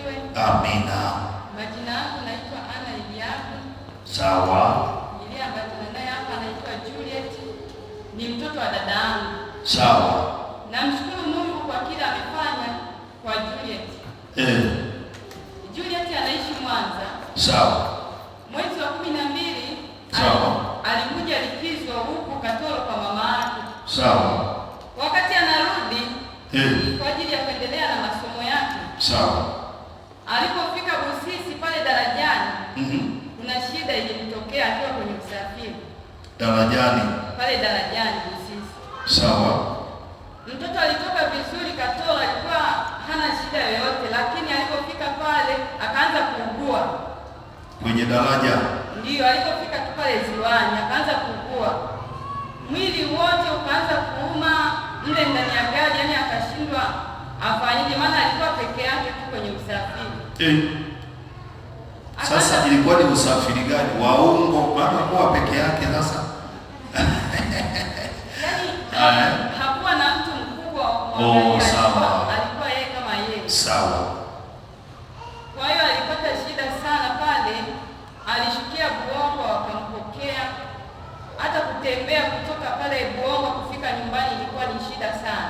asifiwe. Amina. Majina yangu naitwa Ana Eliabu. Sawa. Ile ambaye naye hapa anaitwa Juliet. Ni mtoto wa dada yangu. Sawa. Namshukuru Mungu kwa kila amefanya kwa Juliet. Eh. Juliet anaishi Mwanza. Sawa. Mwezi wa 12 sawa. Alikuja likizwa huku Katoro kwa mama yake. Sawa. Wakati anarudi eh, kwa ajili ya kuendelea na masomo yake. Sawa. ilinitokea akiwa kwenye usafiri darajani, pale darajani sisi Sawa, mtoto alitoka vizuri, katoa, alikuwa hana shida yoyote, lakini alipofika pale akaanza kuugua kwenye daraja. Ndiyo, alipofika tu pale ziwani akaanza kuugua, mwili wote ukaanza kuuma mle ndani ya gari, yani akashindwa afanyije, maana alikuwa peke yake tu kwenye usafiri eh ilikuwa ni usafiri gani? Waungo mama kwa peke yake sasa yaani, hakuwa na mtu mkubwa. Oh, sawa, alikuwa yeye kama yeye. Sawa. Kwa hiyo alipata shida sana pale, alishukia Buongo wakampokea. Hata kutembea kutoka pale Buongo kufika nyumbani ilikuwa ni shida sana,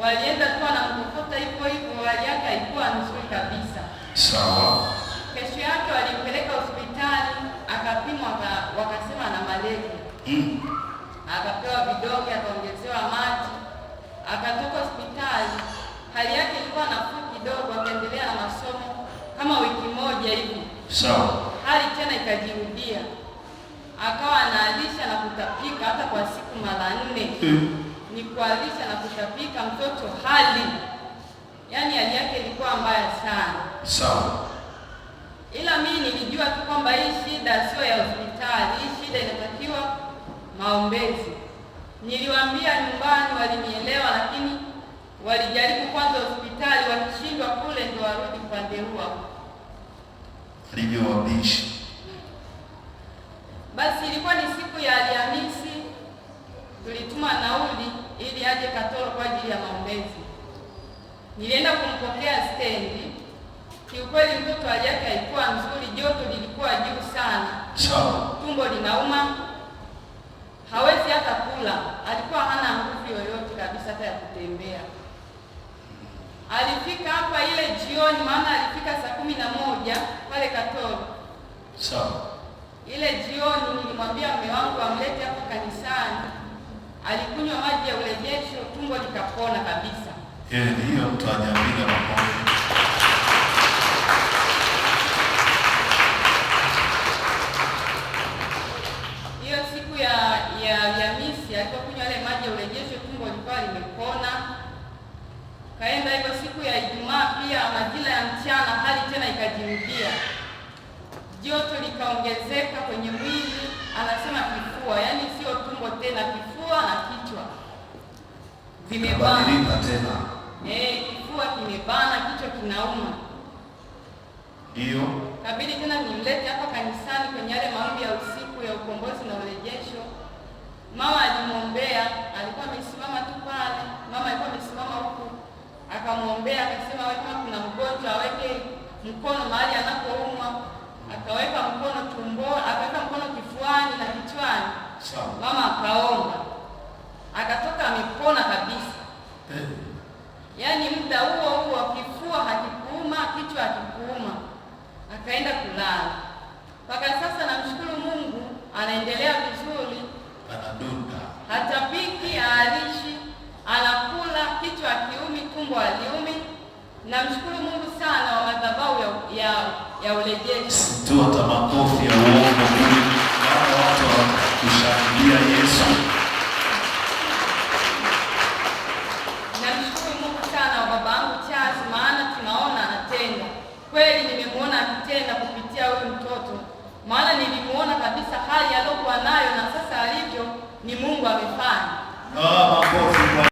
walienda kuwa na mkokota hivyo hivyo, hali yake haikuwa nzuri kabisa. Sawa. Kesho yake walimpeleka hospitali akapimwa, wakasema na malaria mm. Akapewa vidonge akaongezewa maji, akatoka hospitali hali yake ilikuwa nafuu kidogo, akaendelea na masomo kama wiki moja hivi sawa. So, hali tena ikajirudia, akawa analisha na kutapika hata kwa siku mara nne mm. ni kualisha na kutapika mtoto, hali yani hali yake ilikuwa mbaya sana sawa. So, shida sio ya hospitali. Hii shida inatakiwa maombezi. Niliwaambia nyumbani, walinielewa, lakini walijaribu kwanza hospitali, wakishindwa kule ndo warudi upande huo alivyowabishi. Basi ilikuwa ni siku ya Alhamisi, tulituma nauli ili aje Katoro kwa ajili ya maombezi. Nilienda kumpokea stendi Kiukweli mtoto hali yake haikuwa nzuri, joto lilikuwa juu sana, tumbo linauma, hawezi hata kula, alikuwa hana nguvu yoyote kabisa hata ya kutembea. Alifika hapa ile jioni, maana alifika saa kumi na moja pale Katoro. Sawa. Ile jioni nilimwambia mume wangu amlete hapa kanisani, alikunywa maji ya urejesho, tumbo likapona kabisa. Yeye mtu anayepiga makofi. Kaenda hivyo siku ya Ijumaa pia majira ya mchana, hali tena ikajirudia, joto likaongezeka kwenye mwili, anasema kifua, yaani sio tumbo tena, kifua na kichwa vimebana tena. Eh, kifua kimebana, kichwa kinauma, ndio kabidi tena nimlete hapa kanisani kwenye yale maombi ya usiku ya ukombozi na urejesho. Mama alimwombea yaani muda huo huo kifua hakikuuma, kichwa hakikuuma, akaenda kulala. Mpaka sasa namshukuru Mungu, anaendelea vizuri, hata hatapiki, aalishi anakula, kichwa hakiumi, tumbo haliumi. Namshukuru Mungu sana wa madhabahu ya, ya, ya urejeshi. Tuata makofi ya uongo, watu wakushangilia Yesu. alikuwa nayo na sasa alivyo ni Mungu amefanya. Ah.